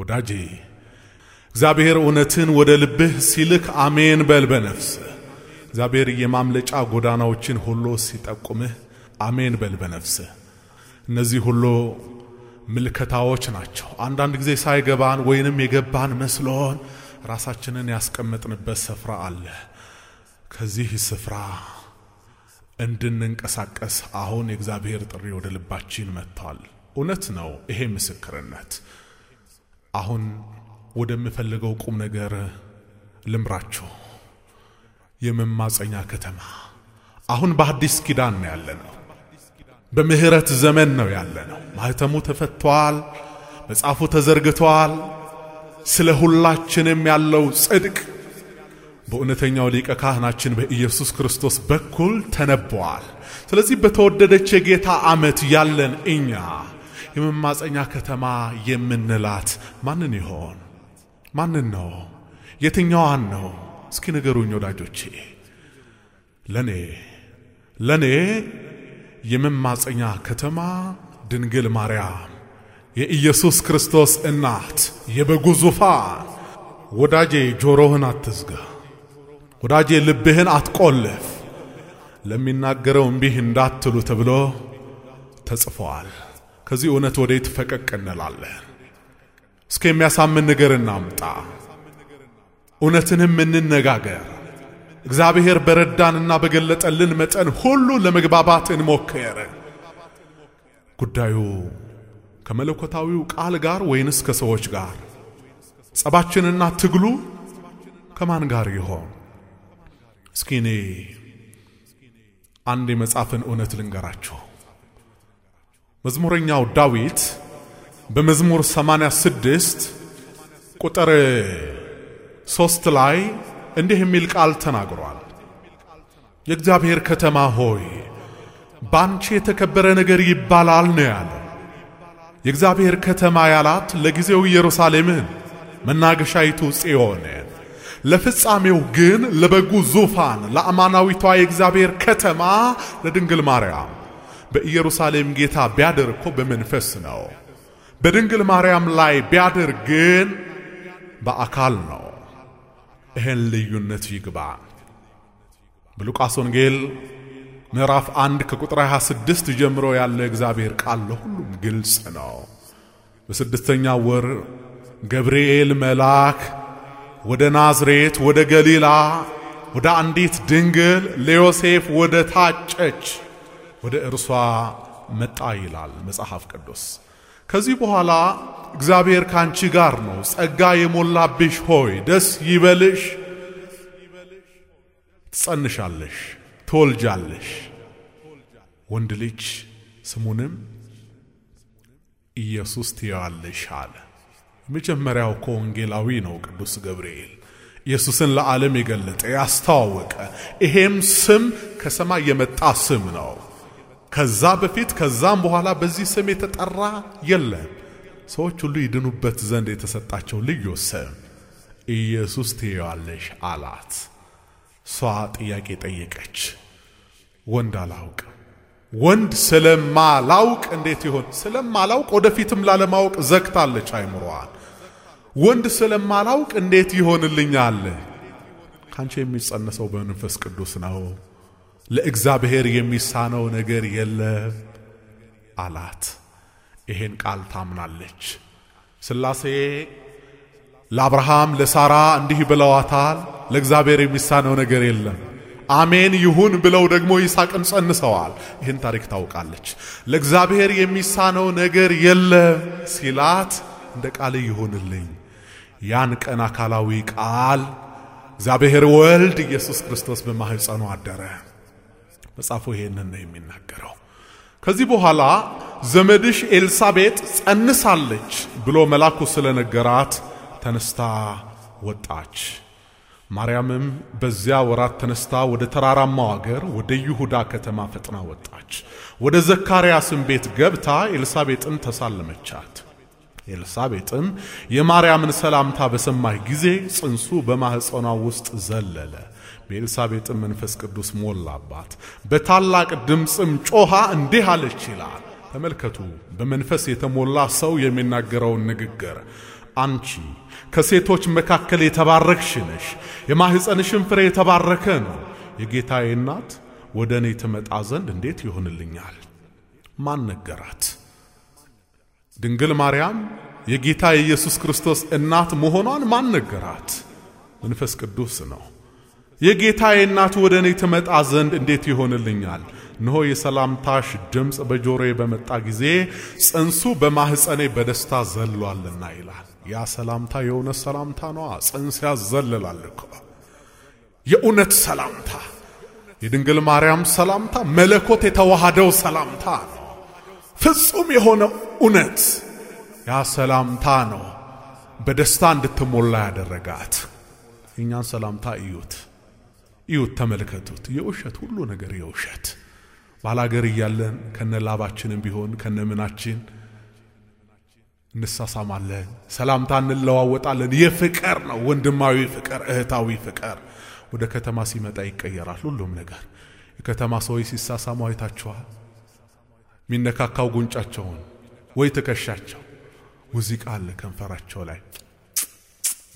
ወዳጄ እግዚአብሔር እውነትን ወደ ልብህ ሲልክ አሜን በል በነፍስ። እግዚአብሔር የማምለጫ ጎዳናዎችን ሁሉ ሲጠቁምህ አሜን በል በነፍስ። እነዚህ ሁሉ ምልከታዎች ናቸው። አንዳንድ ጊዜ ሳይገባን ወይንም የገባን መስሎን ራሳችንን ያስቀመጥንበት ስፍራ አለ። ከዚህ ስፍራ እንድንንቀሳቀስ አሁን የእግዚአብሔር ጥሪ ወደ ልባችን መጥቷል። እውነት ነው ይሄ ምስክርነት። አሁን ወደምፈልገው ቁም ነገር ልምራችሁ። የመማፀኛ ከተማ አሁን በአዲስ ኪዳን ነው ያለነው። በምህረት ዘመን ነው ያለነው። ማህተሙ ተፈቷል፣ መጽሐፉ ተዘርግቷል። ስለ ሁላችንም ያለው ጽድቅ በእውነተኛው ሊቀ ካህናችን በኢየሱስ ክርስቶስ በኩል ተነበዋል። ስለዚህ በተወደደች የጌታ ዓመት ያለን እኛ የመማፀኛ ከተማ የምንላት ማንን ይሆን? ማንን ነው? የትኛዋን ነው? እስኪ ንገሩኝ ወዳጆቼ። ለኔ ለኔ የመማፀኛ ከተማ ድንግል ማርያም የኢየሱስ ክርስቶስ እናት የበጉ ዙፋን። ወዳጄ ጆሮህን አትዝጋ፣ ወዳጄ ልብህን አትቆልፍ። ለሚናገረው እምቢህ እንዳትሉ ተብሎ ተጽፏል። ከዚህ እውነት ወዴት ፈቀቅ እንላለን? እስከ የሚያሳምን ነገር እናምጣ፣ እውነትንም እንነጋገር። እግዚአብሔር በረዳንና በገለጠልን መጠን ሁሉ ለመግባባት እንሞክር። ጉዳዩ ከመለኮታዊው ቃል ጋር ወይንስ ከሰዎች ጋር? ጸባችንና ትግሉ ከማን ጋር ይሆን? እስኪ እኔ አንድ የመጽሐፍን እውነት ልንገራችሁ። መዝሙረኛው ዳዊት በመዝሙር 86 ቁጥር ሶስት ላይ እንዲህ የሚል ቃል ተናግሯል። የእግዚአብሔር ከተማ ሆይ ባንቺ የተከበረ ነገር ይባላል ነው ያለ። የእግዚአብሔር ከተማ ያላት ለጊዜው ኢየሩሳሌምን መናገሻይቱ ጽዮን ለፍጻሜው ግን ለበጉ ዙፋን ለአማናዊቷ የእግዚአብሔር ከተማ ለድንግል ማርያም በኢየሩሳሌም ጌታ ቢያድር እኮ በመንፈስ ነው። በድንግል ማርያም ላይ ቢያድር ግን በአካል ነው። ይህን ልዩነት ይግባ። በሉቃስ ወንጌል ምዕራፍ አንድ ከቁጥር 26 ጀምሮ ያለ እግዚአብሔር ቃል ለሁሉም ግልጽ ነው። በስድስተኛ ወር ገብርኤል መልአክ ወደ ናዝሬት ወደ ገሊላ ወደ አንዲት ድንግል ለዮሴፍ ወደ ታጨች ወደ እርሷ መጣ ይላል መጽሐፍ ቅዱስ። ከዚህ በኋላ እግዚአብሔር ካንቺ ጋር ነው፣ ጸጋ የሞላብሽ ሆይ ደስ ይበልሽ፣ ትጸንሻለሽ፣ ትወልጃለሽ፣ ወንድ ልጅ ስሙንም ኢየሱስ ትየዋለሽ አለ። የመጀመሪያው እኮ ወንጌላዊ ነው ቅዱስ ገብርኤል ኢየሱስን ለዓለም የገለጠ ያስተዋወቀ። ይሄም ስም ከሰማይ የመጣ ስም ነው። ከዛ በፊት ከዛም በኋላ በዚህ ስም የተጠራ የለም። ሰዎች ሁሉ ይድኑበት ዘንድ የተሰጣቸው ልዩ ስም ኢየሱስ ትየዋለሽ አላት። ሷ ጥያቄ ጠየቀች። ወንድ አላውቅም። ወንድ ስለማላውቅ እንዴት ይሆን? ስለማላውቅ ወደፊትም ላለማወቅ ዘግታለች አይምሮዋል። ወንድ ስለማላውቅ እንዴት ይሆንልኛል? ካንቺ የሚጸነሰው በመንፈስ ቅዱስ ነው ለእግዚአብሔር የሚሳነው ነገር የለም አላት። ይሄን ቃል ታምናለች። ሥላሴ ለአብርሃም ለሳራ እንዲህ ብለዋታል፣ ለእግዚአብሔር የሚሳነው ነገር የለም። አሜን ይሁን ብለው ደግሞ ይስሐቅን ጸንሰዋል። ይህን ታሪክ ታውቃለች። ለእግዚአብሔር የሚሳነው ነገር የለም ሲላት እንደ ቃል ይሁንልኝ። ያን ቀን አካላዊ ቃል እግዚአብሔር ወልድ ኢየሱስ ክርስቶስ በማኅፀኑ አደረ። መጽሐፉ ይሄንን ነው የሚናገረው። ከዚህ በኋላ ዘመድሽ ኤልሳቤጥ ጸንሳለች ብሎ መላኩ ስለነገራት ተነስታ ወጣች። ማርያምም በዚያ ወራት ተነስታ ወደ ተራራማው አገር ወደ ይሁዳ ከተማ ፈጥና ወጣች። ወደ ዘካርያስም ቤት ገብታ ኤልሳቤጥን ተሳለመቻት። ኤልሳቤጥም የማርያምን ሰላምታ በሰማች ጊዜ ጽንሱ በማኅፀኗ ውስጥ ዘለለ። በኤልሳቤጥም መንፈስ ቅዱስ ሞላባት፣ በታላቅ ድምፅም ጮኻ እንዲህ አለች ይላል። ተመልከቱ፣ በመንፈስ የተሞላ ሰው የሚናገረውን ንግግር። አንቺ ከሴቶች መካከል የተባረክሽ ነሽ፣ የማኅፀንሽን ፍሬ የተባረከ ነው። የጌታዬ እናት ወደ እኔ ትመጣ ዘንድ እንዴት ይሆንልኛል? ማን ነገራት? ድንግል ማርያም የጌታ የኢየሱስ ክርስቶስ እናት መሆኗን ማን ነገራት? መንፈስ ቅዱስ ነው። የጌታዬ እናት ወደ እኔ ትመጣ ዘንድ እንዴት ይሆንልኛል? እነሆ የሰላምታሽ ድምፅ በጆሮዬ በመጣ ጊዜ ጽንሱ በማኅፀኔ በደስታ ዘሏልና ይላል። ያ ሰላምታ የእውነት ሰላምታ ነዋ። ጽንስ ያዘልላል እኮ የእውነት ሰላምታ፣ የድንግል ማርያም ሰላምታ፣ መለኮት የተዋሃደው ሰላምታ ፍጹም የሆነው እውነት ያ ሰላምታ ነው በደስታ እንድትሞላ ያደረጋት። እኛ ሰላምታ እዩት፣ እዩት፣ ተመልከቱት። የውሸት ሁሉ ነገር የውሸት ባላገር እያለን ከነ ላባችንም ቢሆን ከነ ምናችን እንሳሳማለን፣ ሰላምታ እንለዋወጣለን። የፍቅር ነው ወንድማዊ ፍቅር፣ እህታዊ ፍቅር። ወደ ከተማ ሲመጣ ይቀየራል ሁሉም ነገር። የከተማ ሰዎች ሲሳሳሙ አይታችኋል። የሚነካካው ጉንጫቸውን ወይ ትከሻቸው ሙዚቃ አለ ከንፈራቸው ላይ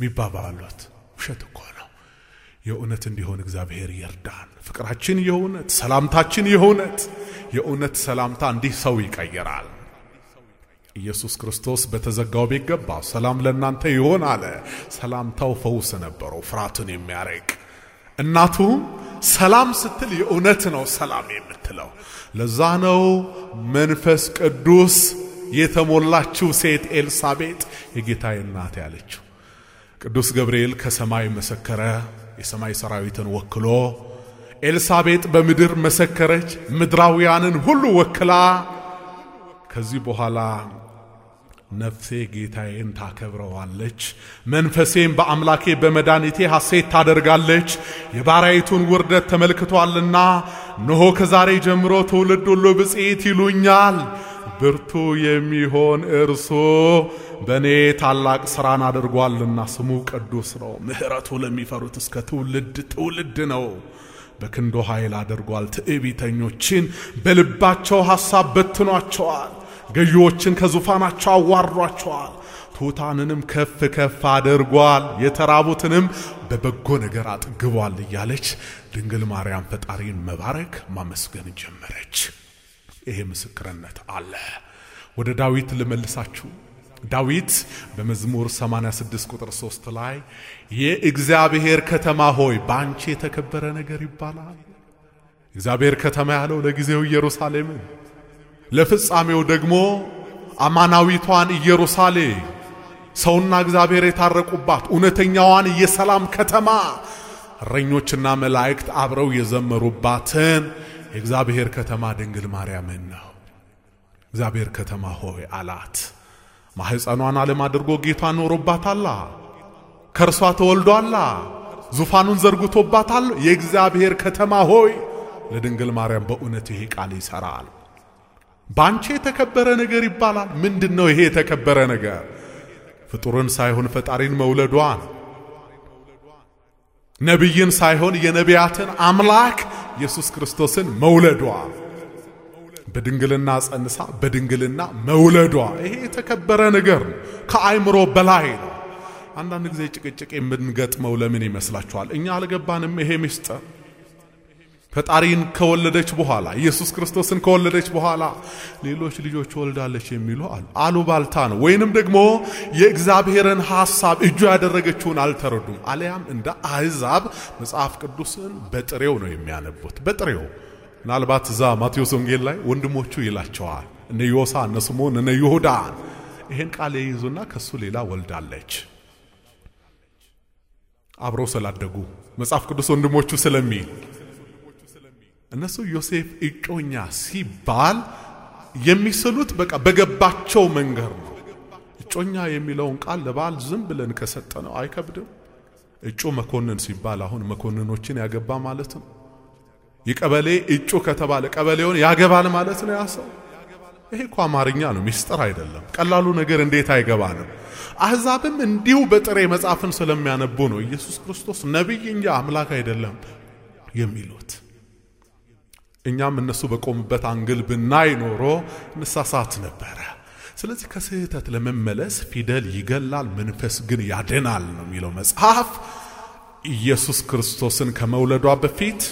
ሚባባሉት ውሸት እኮ ነው። የእውነት እንዲሆን እግዚአብሔር ይርዳን። ፍቅራችን የእውነት ሰላምታችን የእውነት የእውነት ሰላምታ እንዲህ ሰው ይቀይራል። ኢየሱስ ክርስቶስ በተዘጋው ቤት ገባ። ሰላም ለእናንተ ይሆን አለ። ሰላምታው ፈውስ ነበረው፣ ፍርሃቱን የሚያረቅ እናቱም ሰላም ስትል የእውነት ነው ሰላም የምትለው። ለዛ ነው መንፈስ ቅዱስ የተሞላችው ሴት ኤልሳቤጥ የጌታዬ እናት ያለችው። ቅዱስ ገብርኤል ከሰማይ መሰከረ፣ የሰማይ ሰራዊትን ወክሎ ኤልሳቤጥ በምድር መሰከረች፣ ምድራውያንን ሁሉ ወክላ ከዚህ በኋላ ነፍሴ ጌታዬን ታከብረዋለች፣ መንፈሴም በአምላኬ በመድኃኒቴ ሐሴት ታደርጋለች። የባራይቱን ውርደት ተመልክቷልና፣ እነሆ ከዛሬ ጀምሮ ትውልድ ሁሉ ብፅዕት ይሉኛል። ብርቱ የሚሆን እርሱ በእኔ ታላቅ ሥራን አድርጓልና ስሙ ቅዱስ ነው። ምሕረቱ ለሚፈሩት እስከ ትውልድ ትውልድ ነው። በክንዶ ኃይል አድርጓል። ትዕቢተኞችን በልባቸው ሐሳብ በትኗቸዋል። ገዢዎችን ከዙፋናቸው አዋሯቸዋል። ትሑታንንም ከፍ ከፍ አድርጓል፣ የተራቡትንም በበጎ ነገር አጥግቧል እያለች ድንግል ማርያም ፈጣሪን መባረክ ማመስገን ጀመረች። ይሄ ምስክርነት አለ። ወደ ዳዊት ልመልሳችሁ። ዳዊት በመዝሙር 86 ቁጥር 3 ላይ የእግዚአብሔር ከተማ ሆይ በአንቺ የተከበረ ነገር ይባላል። እግዚአብሔር ከተማ ያለው ለጊዜው ኢየሩሳሌምን ለፍጻሜው ደግሞ አማናዊቷን ኢየሩሳሌ ሰውና እግዚአብሔር የታረቁባት እውነተኛዋን የሰላም ከተማ እረኞችና መላእክት አብረው የዘመሩባትን የእግዚአብሔር ከተማ ድንግል ማርያምን ነው። እግዚአብሔር ከተማ ሆይ አላት። ማህፀኗን ዓለም አድርጎ ጌታ ኖሮባታላ። ከእርሷ ተወልዷላ። ዙፋኑን ዘርግቶባታል። የእግዚአብሔር ከተማ ሆይ ለድንግል ማርያም በእውነት ይሄ ቃል ይሠራል። ባንቺ የተከበረ ነገር ይባላል። ምንድን ነው ይሄ የተከበረ ነገር? ፍጡርን ሳይሆን ፈጣሪን መውለዷ ነው። ነቢይን ሳይሆን የነቢያትን አምላክ ኢየሱስ ክርስቶስን መውለዷ፣ በድንግልና ጸንሳ በድንግልና መውለዷ፣ ይሄ የተከበረ ነገር ነው። ከአይምሮ በላይ ነው። አንዳንድ ጊዜ ጭቅጭቅ የምንገጥመው ለምን ይመስላችኋል? እኛ አልገባንም ይሄ ምስጢር ፈጣሪን ከወለደች በኋላ ኢየሱስ ክርስቶስን ከወለደች በኋላ ሌሎች ልጆች ወልዳለች የሚሉ አሉ። አሉባልታ ነው። ወይንም ደግሞ የእግዚአብሔርን ሐሳብ እጁ ያደረገችውን አልተረዱም። አለያም እንደ አሕዛብ መጽሐፍ ቅዱስን በጥሬው ነው የሚያነቡት። በጥሬው ምናልባት እዛ ማቴዎስ ወንጌል ላይ ወንድሞቹ ይላቸዋል። እነ ዮሳ፣ እነ ስምዖን፣ እነ ይሁዳ ይሄን ቃል የይዙና ከሱ ሌላ ወልዳለች አብረው ስላደጉ መጽሐፍ ቅዱስ ወንድሞቹ ስለሚል እነሱ ዮሴፍ እጮኛ ሲባል የሚስሉት በቃ በገባቸው መንገድ ነው። እጮኛ የሚለውን ቃል ለባል ዝም ብለን ከሰጠ ነው አይከብድም። እጩ መኮንን ሲባል አሁን መኮንኖችን ያገባ ማለት ነው። የቀበሌ እጩ ከተባለ ቀበሌውን ያገባል ማለት ነው። ያሰው ይሄ እኮ አማርኛ ነው፣ ሚስጥር አይደለም። ቀላሉ ነገር እንዴት አይገባንም? አሕዛብም እንዲሁ በጥሬ መጽሐፍን ስለሚያነቡ ነው ኢየሱስ ክርስቶስ ነቢይ እንጂ አምላክ አይደለም የሚሉት። እኛም እነሱ በቆሙበት አንግል ብናይ ኖሮ እንሳሳት ነበረ። ስለዚህ ከስህተት ለመመለስ ፊደል ይገላል፣ መንፈስ ግን ያድናል ነው የሚለው መጽሐፍ። ኢየሱስ ክርስቶስን ከመውለዷ በፊት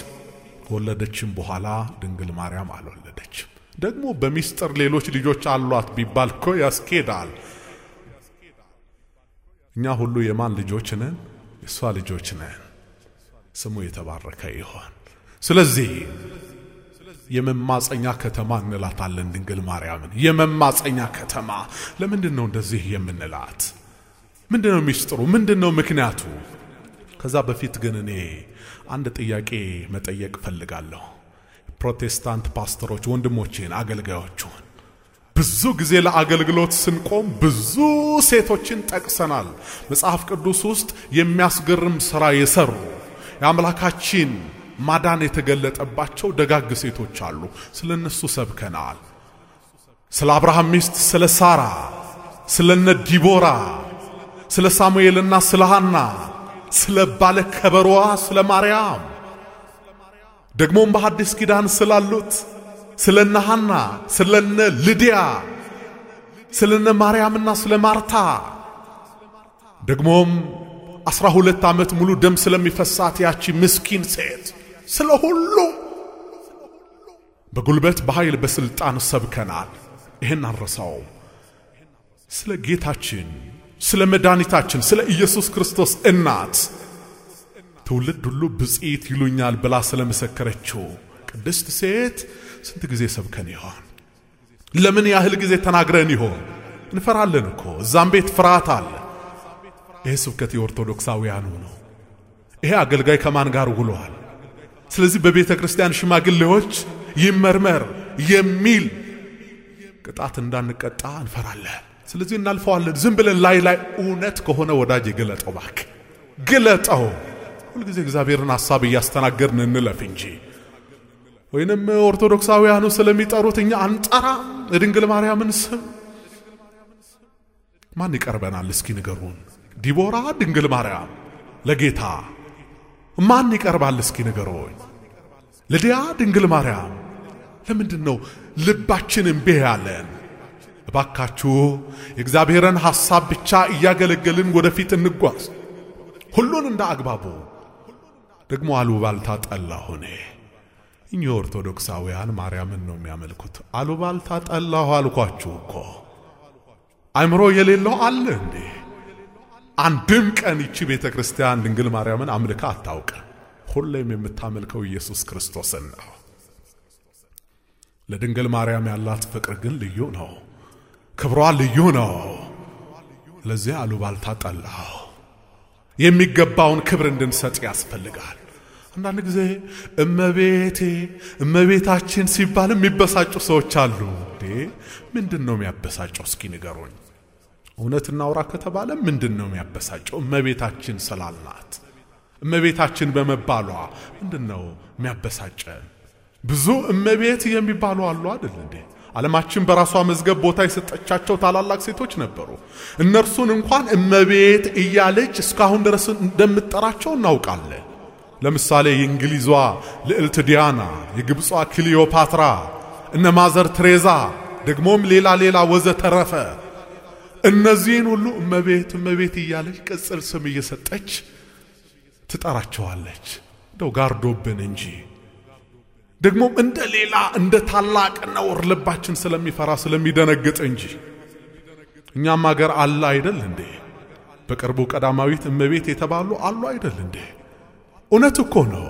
ከወለደችም በኋላ ድንግል ማርያም አልወለደችም። ደግሞ በሚስጥር ሌሎች ልጆች አሏት ቢባል እኮ ያስኬዳል። እኛ ሁሉ የማን ልጆች ነን? የእሷ ልጆች ነን። ስሙ የተባረከ ይሆን። ስለዚህ የመማፀኛ ከተማ እንላታለን ድንግል ማርያምን። የመማፀኛ ከተማ ለምንድን ነው እንደዚህ የምንላት? ምንድን ነው ሚስጥሩ? ምንድን ነው ምክንያቱ? ከዛ በፊት ግን እኔ አንድ ጥያቄ መጠየቅ እፈልጋለሁ። ፕሮቴስታንት ፓስተሮች ወንድሞቼን፣ አገልጋዮችን ብዙ ጊዜ ለአገልግሎት ስንቆም ብዙ ሴቶችን ጠቅሰናል። መጽሐፍ ቅዱስ ውስጥ የሚያስገርም ሥራ የሰሩ የአምላካችን ማዳን የተገለጠባቸው ደጋግ ሴቶች አሉ። ስለ እነሱ ሰብከናል። ስለ አብርሃም ሚስት ስለ ሳራ፣ ስለ እነ ዲቦራ፣ ስለ ሳሙኤልና ስለ ሃና፣ ስለ ባለ ከበሮዋ ስለ ማርያም ደግሞም በሐዲስ ኪዳን ስላሉት ስለ እነ ሃና፣ ስለ እነ ልዲያ፣ ስለ እነ ማርያምና ስለ ማርታ ደግሞም አስራ ሁለት ዓመት ሙሉ ደም ስለሚፈሳት ያቺ ምስኪን ሴት ስለ ሁሉ በጉልበት በኃይል በሥልጣን ሰብከናል። ይህን አንረሳውም። ስለ ጌታችን ስለ መድኃኒታችን ስለ ኢየሱስ ክርስቶስ እናት ትውልድ ሁሉ ብፅዕት ይሉኛል ብላ ስለመሰከረችው ቅድስት ሴት ስንት ጊዜ ሰብከን ይሆን? ለምን ያህል ጊዜ ተናግረን ይሆን? እንፈራለን እኮ እዛም ቤት ፍርሃት አለ። ይሄ ስብከት የኦርቶዶክሳውያኑ ነው። ይሄ አገልጋይ ከማን ጋር ውሏል? ስለዚህ በቤተ ክርስቲያን ሽማግሌዎች ይመርመር የሚል ቅጣት እንዳንቀጣ እንፈራለን። ስለዚህ እናልፈዋለን ዝም ብለን ላይ ላይ። እውነት ከሆነ ወዳጅ ግለጠው፣ ባክ ግለጠው። ሁልጊዜ እግዚአብሔርን ሐሳብ እያስተናገድን እንለፍ እንጂ ወይንም ኦርቶዶክሳውያኑ ስለሚጠሩት እኛ አንጠራ የድንግል ማርያምን ስም ማን ይቀርበናል? እስኪ ንገሩን። ዲቦራ ድንግል ማርያም ለጌታ ማን ይቀርባል? እስኪ ንገሮኝ። ለዲያ ድንግል ማርያም ለምንድን ነው ልባችን እምቢ ያለን? እባካችሁ የእግዚአብሔርን ሐሳብ ብቻ እያገለገልን ወደፊት እንጓዝ። ሁሉን እንደ አግባቡ ደግሞ አሉባልታ ጠላሁ እኔ። እኚህ ኦርቶዶክሳውያን ማርያምን ነው የሚያመልኩት። አሉባልታ ጠላሁ አልኳችሁ እኮ። አእምሮ የሌለው አለ እንዴ? አንድም ቀን ይቺ ቤተ ክርስቲያን ድንግል ማርያምን አምልካ አታውቅ። ሁሌም የምታመልከው ኢየሱስ ክርስቶስን ነው። ለድንግል ማርያም ያላት ፍቅር ግን ልዩ ነው። ክብሯ ልዩ ነው። ለዚህ አሉባልታ ጠላው። የሚገባውን ክብር እንድንሰጥ ያስፈልጋል። አንዳንድ ጊዜ እመቤቴ እመቤታችን ሲባል የሚበሳጩ ሰዎች አሉ። እንዴ ምንድን ነው የሚያበሳጨው? እስኪ ንገሩኝ። እውነት እናውራ ከተባለ ምንድን ነው የሚያበሳጨው? እመቤታችን ስላልናት እመቤታችን በመባሏ ምንድን ነው የሚያበሳጨን? ብዙ እመቤት የሚባሉ አሉ አይደል እንዴ? ዓለማችን በራሷ መዝገብ ቦታ የሰጠቻቸው ታላላቅ ሴቶች ነበሩ። እነርሱን እንኳን እመቤት እያለች እስካሁን ድረስ እንደምጠራቸው እናውቃለን። ለምሳሌ የእንግሊዟ ልዕልት ዲያና፣ የግብጿ ክሊዮፓትራ፣ እነ ማዘር ትሬዛ ደግሞም ሌላ ሌላ ወዘተረፈ እነዚህን ሁሉ እመቤት እመቤት እያለች ቅጽል ስም እየሰጠች ትጠራቸዋለች። እንደው ጋርዶብን እንጂ ደግሞም እንደ ሌላ እንደ ታላቅ ነውር ልባችን ስለሚፈራ ስለሚደነግጥ እንጂ እኛም አገር አለ አይደል እንዴ? በቅርቡ ቀዳማዊት እመቤት የተባሉ አሉ አይደል እንዴ? እውነት እኮ ነው።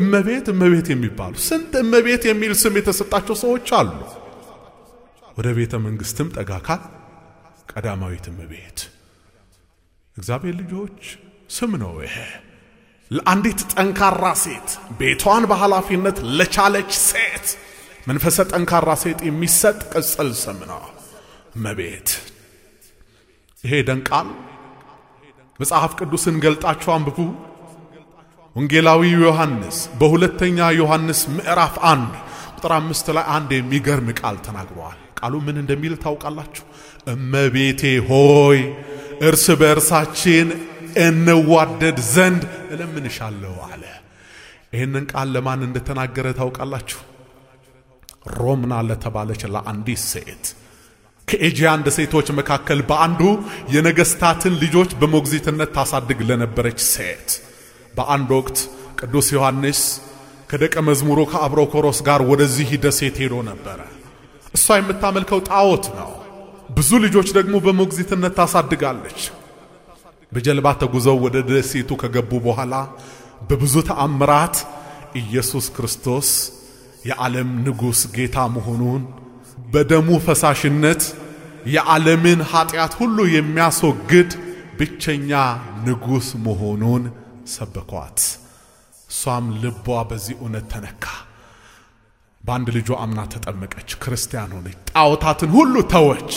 እመቤት እመቤት የሚባሉ ስንት እመቤት የሚል ስም የተሰጣቸው ሰዎች አሉ። ወደ ቤተ መንግሥትም ጠጋካል ቀዳማዊት እመቤት እግዚአብሔር ልጆች ስም ነው ይሄ። ለአንዲት ጠንካራ ሴት ቤቷን በኃላፊነት ለቻለች ሴት መንፈሰ ጠንካራ ሴት የሚሰጥ ቅጽል ስም ነው እመቤት። ይሄ ደንቃል። መጽሐፍ ቅዱስን ገልጣችሁ አንብቡ። ወንጌላዊ ዮሐንስ በሁለተኛ ዮሐንስ ምዕራፍ አንድ ቁጥር አምስት ላይ አንድ የሚገርም ቃል ተናግሯል። ቃሉ ምን እንደሚል ታውቃላችሁ? እመቤቴ ሆይ እርስ በእርሳችን እንዋደድ ዘንድ እለምንሻለሁ አለ። ይህንን ቃል ለማን እንደተናገረ ታውቃላችሁ? ሮምና ለተባለች ለአንዲት ሴት ከኤጂ ሴቶች መካከል በአንዱ የነገስታትን ልጆች በሞግዚትነት ታሳድግ ለነበረች ሴት በአንድ ወቅት ቅዱስ ዮሐንስ ከደቀ መዝሙሩ ከአብሮኮሮስ ጋር ወደዚህ ደሴት ሄዶ ነበረ። እሷ የምታመልከው ጣዖት ነው። ብዙ ልጆች ደግሞ በሞግዚትነት ታሳድጋለች። በጀልባ ተጉዘው ወደ ደሴቱ ከገቡ በኋላ በብዙ ተአምራት ኢየሱስ ክርስቶስ የዓለም ንጉሥ ጌታ መሆኑን በደሙ ፈሳሽነት የዓለምን ኀጢአት ሁሉ የሚያስወግድ ብቸኛ ንጉሥ መሆኑን ሰበኳት። እሷም ልቧ በዚህ እውነት ተነካ። በአንድ ልጇ አምና ተጠመቀች፣ ክርስቲያን ሆነች። ጣዖታትን ሁሉ ተወች፣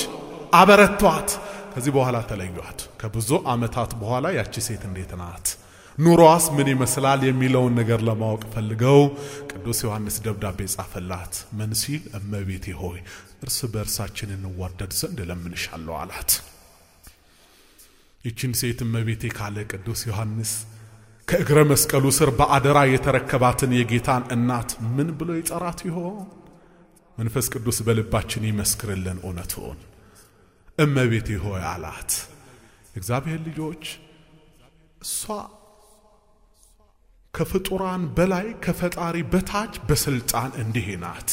አበረቷት። ከዚህ በኋላ ተለዩዋት። ከብዙ ዓመታት በኋላ ያቺ ሴት እንዴት ናት ኑሮዋስ ምን ይመስላል የሚለውን ነገር ለማወቅ ፈልገው ቅዱስ ዮሐንስ ደብዳቤ ጻፈላት። ምን ሲል እመቤቴ ሆይ እርስ በእርሳችን እንዋደድ ዘንድ እለምንሻለሁ አላት። ይችን ሴት እመቤቴ ካለ ቅዱስ ዮሐንስ ከእግረ መስቀሉ ስር በአደራ የተረከባትን የጌታን እናት ምን ብሎ ይጠራት ይሆን? መንፈስ ቅዱስ በልባችን ይመስክርልን እውነቱን። እመቤቴ ሆይ አላት። እግዚአብሔር ልጆች እሷ ከፍጡራን በላይ ከፈጣሪ በታች በስልጣን እንዲህ ናት።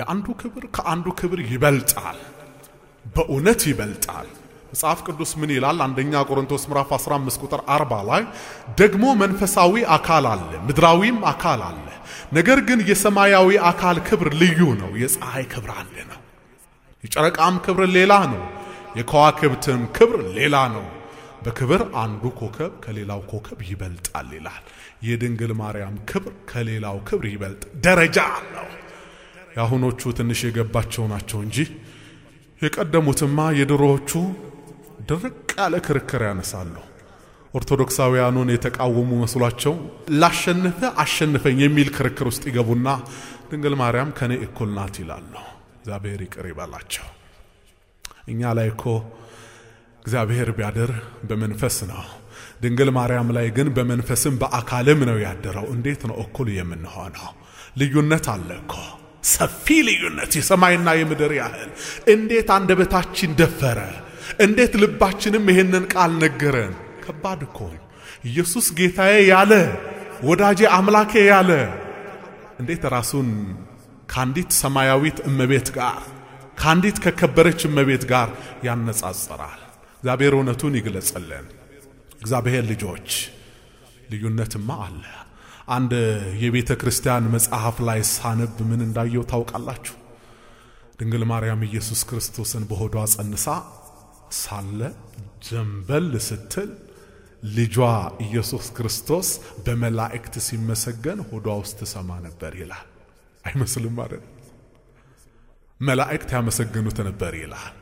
የአንዱ ክብር ከአንዱ ክብር ይበልጣል፣ በእውነት ይበልጣል። መጽሐፍ ቅዱስ ምን ይላል? አንደኛ ቆሮንቶስ ምዕራፍ 15 ቁጥር 40 ላይ ደግሞ መንፈሳዊ አካል አለ፣ ምድራዊም አካል አለ። ነገር ግን የሰማያዊ አካል ክብር ልዩ ነው። የፀሐይ ክብር አንድ ነው። የጨረቃም ክብር ሌላ ነው። የከዋክብትም ክብር ሌላ ነው። በክብር አንዱ ኮከብ ከሌላው ኮከብ ይበልጣል ይላል። የድንግል ማርያም ክብር ከሌላው ክብር ይበልጥ ደረጃ ነው። የአሁኖቹ ትንሽ የገባቸው ናቸው እንጂ የቀደሙትማ የድሮዎቹ ድርቅ ያለ ክርክር ያነሳሉ። ኦርቶዶክሳውያኑን የተቃወሙ መስሏቸው ላሸንፈ አሸንፈኝ የሚል ክርክር ውስጥ ይገቡና ድንግል ማርያም ከኔ እኩል ናት ይላሉ። እግዚአብሔር ይቅር ይበላቸው። እኛ ላይ እኮ እግዚአብሔር ቢያድር በመንፈስ ነው። ድንግል ማርያም ላይ ግን በመንፈስም በአካልም ነው ያደረው። እንዴት ነው እኩል የምንሆነው? ልዩነት አለ እኮ ሰፊ ልዩነት፣ የሰማይና የምድር ያህል። እንዴት አንደበታችን ደፈረ እንዴት ልባችንም ይሄንን ቃል ነገረን? ከባድ እኮ ኢየሱስ ጌታዬ ያለ ወዳጄ አምላኬ ያለ እንዴት ራሱን ከአንዲት ሰማያዊት እመቤት ጋር ከአንዲት ከከበረች እመቤት ጋር ያነጻጽራል? እግዚአብሔር እውነቱን ይግለጽልን እግዚአብሔር ልጆች ልዩነትማ አለ። አንድ የቤተ ክርስቲያን መጽሐፍ ላይ ሳነብ ምን እንዳየው ታውቃላችሁ? ድንግል ማርያም ኢየሱስ ክርስቶስን በሆዷ ጸንሳ ሳለ ጀንበል ስትል ልጇ ኢየሱስ ክርስቶስ በመላእክት ሲመሰገን ሆዷ ውስጥ ትሰማ ነበር ይላል። አይመስልም ማለት መላእክት ያመሰገኑት ነበር ይላል።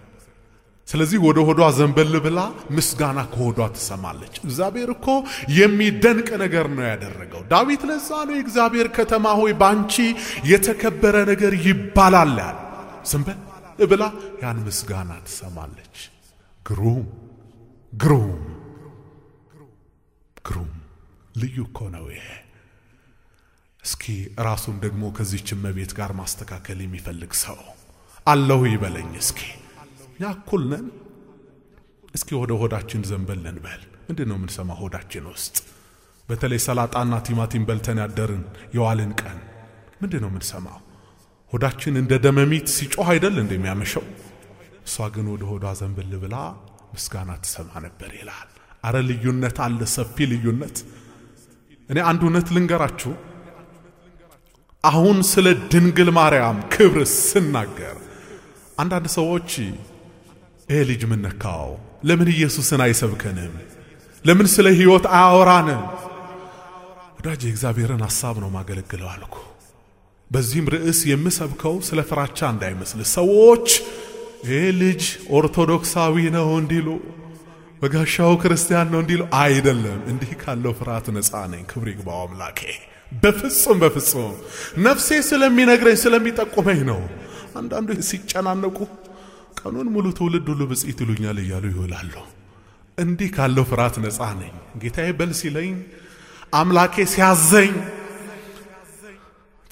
ስለዚህ ወደ ሆዷ ዘንበል ብላ ምስጋና ከሆዷ ትሰማለች። እግዚአብሔር እኮ የሚደንቅ ነገር ነው ያደረገው። ዳዊት ለዛ ነው የእግዚአብሔር ከተማ ሆይ ባንቺ የተከበረ ነገር ይባላል ያለ። ዘንበል ብላ ያን ምስጋና ትሰማለች። ግሩም ግሩም ግሩም ልዩ እኮ ነው ይሄ። እስኪ ራሱን ደግሞ ከዚህች እመቤት ጋር ማስተካከል የሚፈልግ ሰው አለሁ ይበለኝ። እስኪ ያኩል ነን። እስኪ ወደ ሆዳችን ዘንበል በል ምንድን ነው የምንሰማ ሆዳችን ውስጥ? በተለይ ሰላጣና ቲማቲም በልተን ያደርን የዋልን ቀን ምንድን ነው የምንሰማው? ሆዳችን እንደ ደመሚት ሲጮህ አይደል እንደሚያመሸው እሷ ግን ወደ ሆዷ ዘንበል ብላ ምስጋና ትሰማ ነበር ይላል። አረ ልዩነት አለ፣ ሰፊ ልዩነት። እኔ አንድ እውነት ልንገራችሁ። አሁን ስለ ድንግል ማርያም ክብር ስናገር አንዳንድ ሰዎች ይሄ ልጅ ምነካው? ለምን ኢየሱስን አይሰብከንም? ለምን ስለ ሕይወት አያወራንም? ወዳጅ የእግዚአብሔርን ሐሳብ ነው ማገለግለው አልኩ። በዚህም ርዕስ የምሰብከው ስለ ፍራቻ እንዳይመስል ሰዎች ይህ ልጅ ኦርቶዶክሳዊ ነው እንዲሉ በጋሻው ክርስቲያን ነው እንዲሉ አይደለም። እንዲህ ካለው ፍርሃት ነፃ ነኝ። ክብር ይግባው አምላኬ። በፍጹም በፍጹም ነፍሴ ስለሚነግረኝ ስለሚጠቁመኝ ነው። አንዳንዱ ሲጨናነቁ ቀኑን ሙሉ ትውልድ ሁሉ ብጽዕት ይሉኛል እያሉ ይውላሉ። እንዲህ ካለው ፍርሃት ነፃ ነኝ። ጌታዬ በል ሲለኝ አምላኬ ሲያዘኝ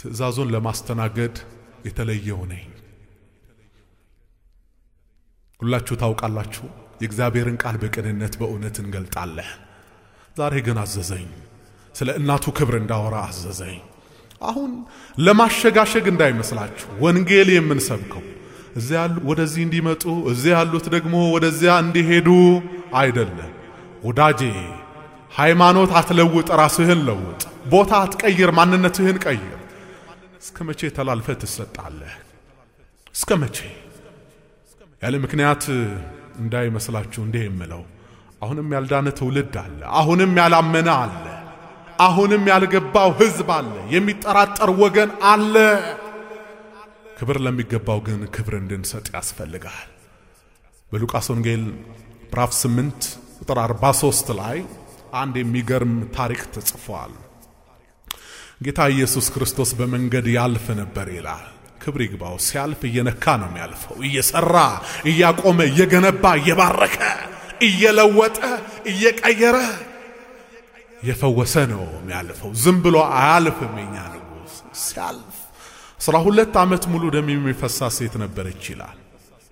ትእዛዙን ለማስተናገድ የተለየው ነኝ። ሁላችሁ ታውቃላችሁ፣ የእግዚአብሔርን ቃል በቅንነት በእውነት እንገልጣለህ። ዛሬ ግን አዘዘኝ፣ ስለ እናቱ ክብር እንዳወራ አዘዘኝ። አሁን ለማሸጋሸግ እንዳይመስላችሁ ወንጌል የምንሰብከው እዚያ ወደዚህ እንዲመጡ እዚያ ያሉት ደግሞ ወደዚያ እንዲሄዱ አይደለም። ወዳጄ ሃይማኖት አትለውጥ፣ ራስህን ለውጥ። ቦታ አትቀይር፣ ማንነትህን ቀይር። እስከ መቼ ተላልፈ ትሰጣለህ? እስከ መቼ ያለ ምክንያት እንዳይመስላችሁ እንዲህ የምለው አሁንም ያልዳነ ትውልድ አለ። አሁንም ያላመነ አለ። አሁንም ያልገባው ህዝብ አለ። የሚጠራጠር ወገን አለ። ክብር ለሚገባው ግን ክብር እንድንሰጥ ያስፈልጋል። በሉቃስ ወንጌል ምዕራፍ 8 ቁጥር 43 ላይ አንድ የሚገርም ታሪክ ተጽፏል። ጌታ ኢየሱስ ክርስቶስ በመንገድ ያልፍ ነበር ይላል ክብር ይግባው። ሲያልፍ እየነካ ነው የሚያልፈው። እየሰራ እያቆመ እየገነባ እየባረከ እየለወጠ እየቀየረ እየፈወሰ ነው የሚያልፈው። ዝም ብሎ አያልፍም። የኛ ንጉሥ ሲያልፍ አስራ ሁለት ዓመት ሙሉ ደም የሚፈሳ ሴት ነበረች ይላል።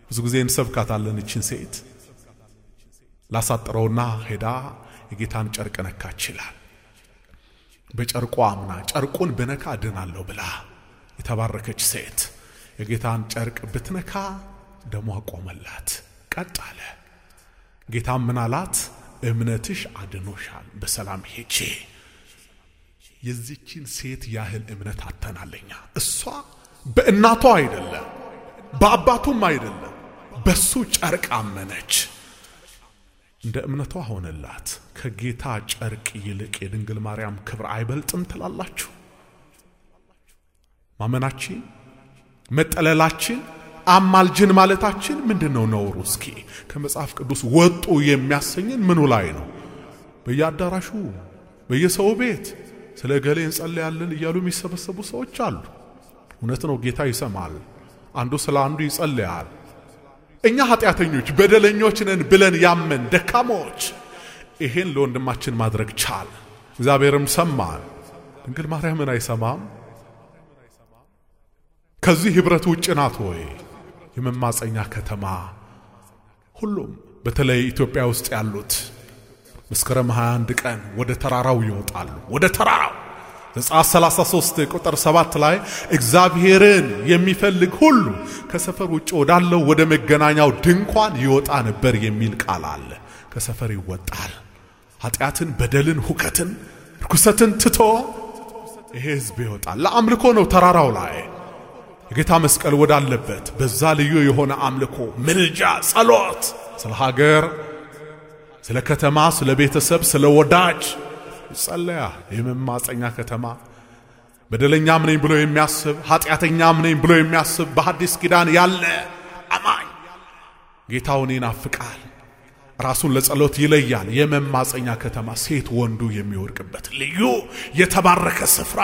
ብዙ ጊዜ እንሰብካታለን። እችን ሴት ላሳጥረውና ሄዳ የጌታን ጨርቅ ነካች ይላል። በጨርቋ አምና ጨርቁን ብነካ ድናለሁ ብላ የተባረከች ሴት የጌታን ጨርቅ ብትነካ ደሟ ቆመላት። ቀጥ አለ። ጌታም ምን አላት? እምነትሽ አድኖሻል፣ በሰላም ሄጄ። የዚችን ሴት ያህል እምነት አተናለኛ። እሷ በእናቷ አይደለም በአባቱም አይደለም በሱ ጨርቅ አመነች። እንደ እምነቷ ሆነላት። ከጌታ ጨርቅ ይልቅ የድንግል ማርያም ክብር አይበልጥም ትላላችሁ? ማመናችን፣ መጠለላችን፣ አማልጅን ማለታችን ምንድን ነው ነውሩ? እስኪ ከመጽሐፍ ቅዱስ ወጡ የሚያሰኝን ምኑ ላይ ነው? በየአዳራሹ በየሰው ቤት ስለ ገሌ እንጸልያለን እያሉ የሚሰበሰቡ ሰዎች አሉ። እውነት ነው፣ ጌታ ይሰማል። አንዱ ስለ አንዱ ይጸልያል። እኛ ኃጢአተኞች በደለኞች ነን ብለን ያመን ደካሞች ይሄን ለወንድማችን ማድረግ ቻል። እግዚአብሔርም ሰማል? ድንግል ማርያምን አይሰማም? ከዚህ ኅብረት ውጭ ናት ወይ? የመማፀኛ ከተማ ሁሉም በተለይ ኢትዮጵያ ውስጥ ያሉት መስከረም 21 ቀን ወደ ተራራው ይወጣሉ። ወደ ተራራው ዘጸአት 33 ቁጥር 7 ላይ እግዚአብሔርን የሚፈልግ ሁሉ ከሰፈር ውጭ ወዳለው ወደ መገናኛው ድንኳን ይወጣ ነበር የሚል ቃል አለ። ከሰፈር ይወጣል። ኃጢአትን፣ በደልን፣ ሁከትን፣ ርኩሰትን ትቶ ይሄ ሕዝብ ይወጣል። ለአምልኮ ነው ተራራው ላይ የጌታ መስቀል ወዳለበት በዛ ልዩ የሆነ አምልኮ፣ ምልጃ፣ ጸሎት፣ ስለ ሀገር፣ ስለ ከተማ፣ ስለ ቤተሰብ፣ ስለ ወዳጅ ይጸለያ። የመማፀኛ ከተማ በደለኛም ነኝ ብሎ የሚያስብ ኃጢአተኛም ነኝ ብሎ የሚያስብ በሐዲስ ኪዳን ያለ አማኝ ጌታውን ይናፍቃል። ራሱን ለጸሎት ይለያል። የመማፀኛ ከተማ ሴት ወንዱ የሚወድቅበት ልዩ የተባረከ ስፍራ፣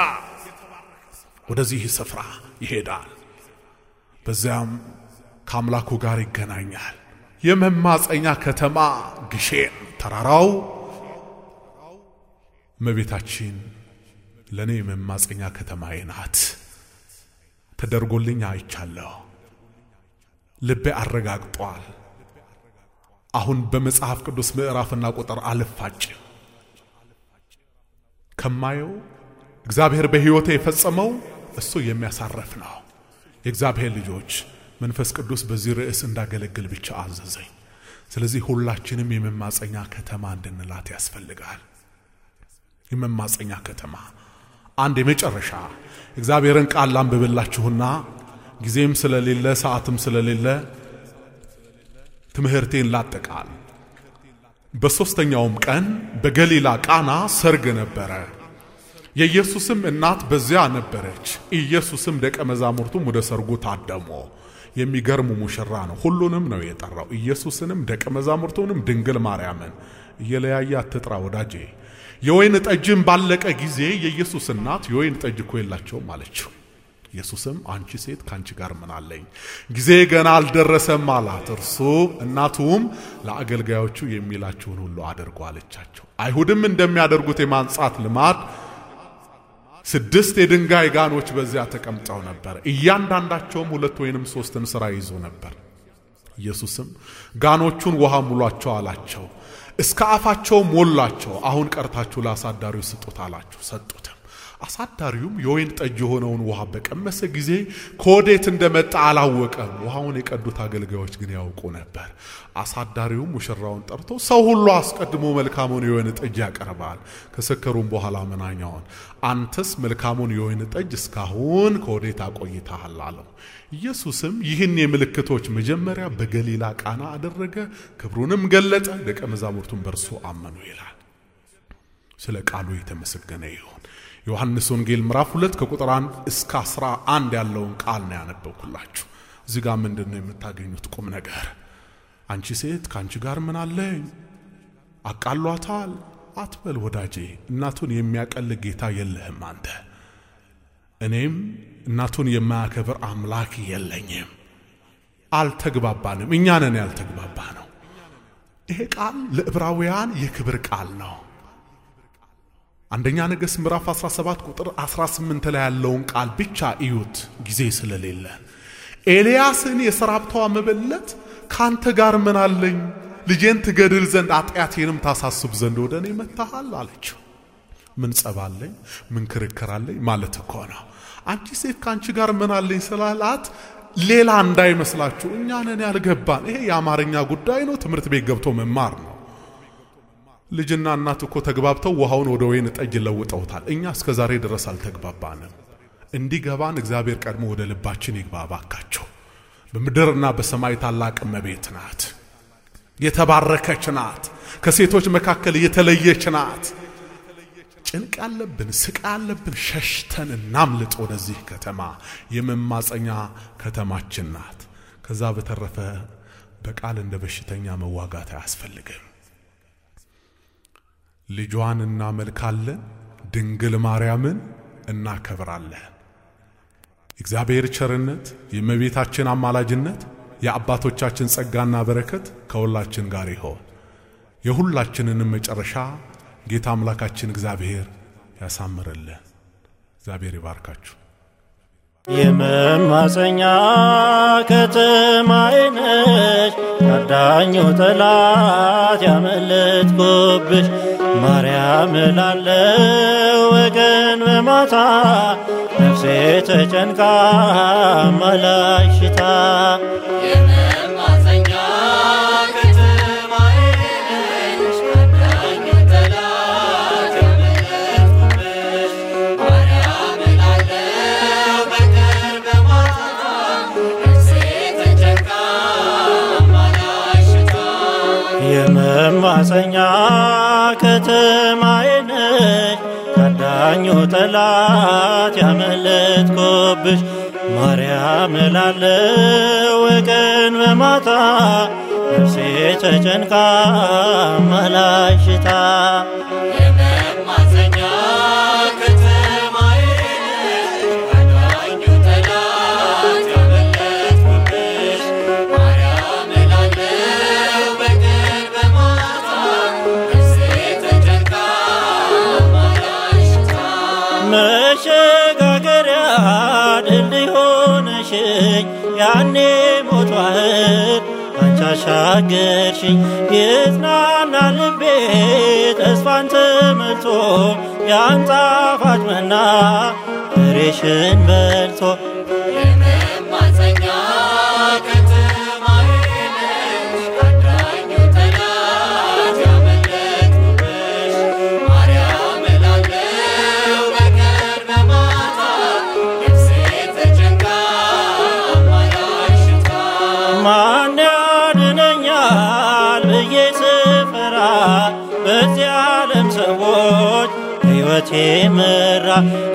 ወደዚህ ስፍራ ይሄዳል። በዚያም ከአምላኩ ጋር ይገናኛል። የመማፀኛ ከተማ ግሼን ተራራው እመቤታችን ለእኔ የመማፀኛ ከተማዬ ናት ተደርጎልኝ አይቻለሁ። ልቤ አረጋግጧል። አሁን በመጽሐፍ ቅዱስ ምዕራፍና ቁጥር አልፋጭ ከማየው እግዚአብሔር በሕይወቴ የፈጸመው እሱ የሚያሳረፍ ነው። የእግዚአብሔር ልጆች መንፈስ ቅዱስ በዚህ ርዕስ እንዳገለግል ብቻ አዘዘኝ። ስለዚህ ሁላችንም የመማፀኛ ከተማ እንድንላት ያስፈልጋል። የመማፀኛ ከተማ አንድ የመጨረሻ እግዚአብሔርን ቃል ላንብብላችሁና ጊዜም ስለሌለ ሰዓትም ስለሌለ ትምህርቴን ላጠቃል። በሦስተኛውም ቀን በገሊላ ቃና ሰርግ ነበረ። የኢየሱስም እናት በዚያ ነበረች። ኢየሱስም ደቀ መዛሙርቱም ወደ ሰርጉ ታደሙ። የሚገርሙ ሙሽራ ነው። ሁሉንም ነው የጠራው። ኢየሱስንም ደቀ መዛሙርቱንም ድንግል ማርያምን እየለያየ አትጥራ ወዳጄ። የወይን ጠጅም ባለቀ ጊዜ የኢየሱስ እናት የወይን ጠጅ እኮ የላቸውም አለችው። ኢየሱስም አንቺ ሴት ከአንቺ ጋር ምን አለኝ? ጊዜ ገና አልደረሰም አላት። እርሱ እናቱም ለአገልጋዮቹ የሚላቸውን ሁሉ አድርጉ አለቻቸው። አይሁድም እንደሚያደርጉት የማንጻት ልማድ ስድስት የድንጋይ ጋኖች በዚያ ተቀምጠው ነበር። እያንዳንዳቸውም ሁለት ወይንም ሶስትን ሥራ ይዞ ነበር። ኢየሱስም ጋኖቹን ውሃ ሙሏቸው አላቸው። እስከ አፋቸው ሞላቸው። አሁን ቀርታችሁ ለአሳዳሪው ስጡት አላቸው። ሰጡትም። አሳዳሪውም የወይን ጠጅ የሆነውን ውሃ በቀመሰ ጊዜ ከወዴት እንደመጣ አላወቀም። ውሃውን የቀዱት አገልጋዮች ግን ያውቁ ነበር። አሳዳሪውም ሙሽራውን ጠርቶ ሰው ሁሉ አስቀድሞ መልካሙን የወይን ጠጅ ያቀርባል፣ ከሰከሩም በኋላ መናኛውን፣ አንተስ መልካሙን የወይን ጠጅ እስካሁን ከወዴት አቆይተሃል አለው። ኢየሱስም ይህን የምልክቶች መጀመሪያ በገሊላ ቃና አደረገ፣ ክብሩንም ገለጠ፣ ደቀ መዛሙርቱን በእርሱ አመኑ ይላል። ስለ ቃሉ የተመሰገነ ይሁን። ዮሐንስ ወንጌል ምዕራፍ ሁለት ከቁጥር 1 እስከ 11 አንድ ያለውን ቃል ነው ያነበብኩላችሁ። እዚህ ጋር ምንድን ነው የምታገኙት ቁም ነገር? አንቺ ሴት ከአንቺ ጋር ምን አለኝ አቃሏታል አትበል ወዳጄ። እናቱን የሚያቀል ጌታ የለህም አንተ። እኔም እናቱን የማያከብር አምላክ የለኝም። አልተግባባንም። እኛ ነን ያልተግባባ ነው። ይሄ ቃል ለዕብራውያን የክብር ቃል ነው። አንደኛ ነገሥት ምዕራፍ 17 ቁጥር 18 ላይ ያለውን ቃል ብቻ እዩት፣ ጊዜ ስለሌለ። ኤልያስን የሰራፕታዋ መበለት ካንተ ጋር ምን አለኝ? ልጄን ትገድል ዘንድ ኃጢአቴንም ታሳስብ ዘንድ ወደ እኔ መጥተሃል አለችው። ምን ጸባለኝ? ምን ክርክራለኝ ማለት እኮ ነው። አንቺ ሴት ከአንቺ ጋር ምን አለኝ ስላላት ሌላ እንዳይመስላችሁ ነን ያልገባን ይሄ የአማርኛ ጉዳይ ነው። ትምህርት ቤት ገብቶ መማር ነው። ልጅና እናት እኮ ተግባብተው ውሃውን ወደ ወይን ጠጅ ለውጠውታል። እኛ እስከ ዛሬ ድረስ አልተግባባንም። እንዲገባን እግዚአብሔር ቀድሞ ወደ ልባችን ይግባ ባካቸው። በምድርና በሰማይ ታላቅ እመቤት ናት። የተባረከች ናት። ከሴቶች መካከል የተለየች ናት። ጭንቅ ያለብን ስቃ ያለብን ሸሽተን እናምልጥ። ወደዚህ ከተማ የመማፀኛ ከተማችን ናት። ከዛ በተረፈ በቃል እንደ በሽተኛ መዋጋት አያስፈልግም። ልጇን እናመልካለን፣ ድንግል ማርያምን እናከብራለን። እግዚአብሔር ቸርነት፣ የእመቤታችን አማላጅነት፣ የአባቶቻችን ጸጋና በረከት ከሁላችን ጋር ይሆን። የሁላችንንም መጨረሻ ጌታ አምላካችን እግዚአብሔር ያሳምርልን። እግዚአብሔር ይባርካችሁ። የመማፀኛ ከተማይነሽ ነሽ፣ ጠላት ያመለጥኩብሽ ማርያም ላለው ወገን በማታ ነፍሴ ተጨንቃ ማላሽታ መማፀኛ ከተማዬ ነሽ ከዳኙ ጠላት ያመለጥኩብሽ ማርያም እላለው ቀን በማታ ነፍሴ ተጨንቃ መላሽታ ተናገርሽኝ የጽናና ልቤ ተስፋን ተመልቶ ያን ጣፋጭ መና ፍሬሽን በልቶ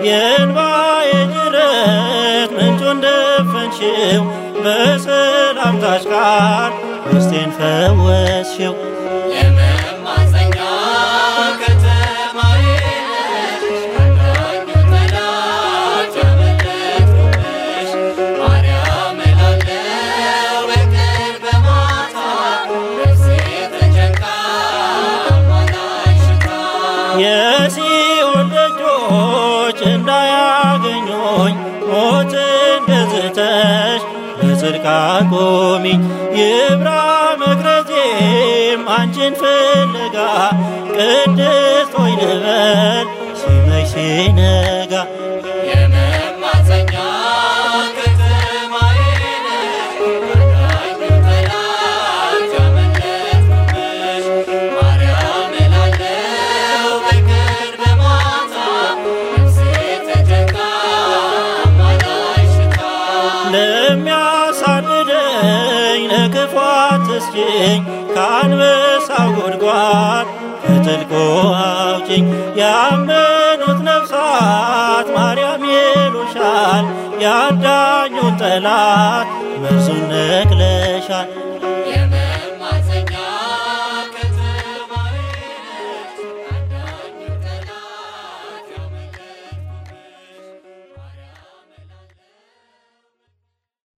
የእንባዬ ጅረት ምንጩን ደፈንሽው በሰላምታሽ ቃል ውስጤን ፈወስሽው ቆሚኝ ይብራ መቅረዜም አንቺን ፍለጋ ቅድስት ሆይ ልበል ሲመሽ ሲነጋ ነፍሳት ከጥልቁ አውጪኝ ያመኑት ነፍሳት ማርያም ይሉሻል ያዳኙን ጠላት መርዙን ነቅለሻል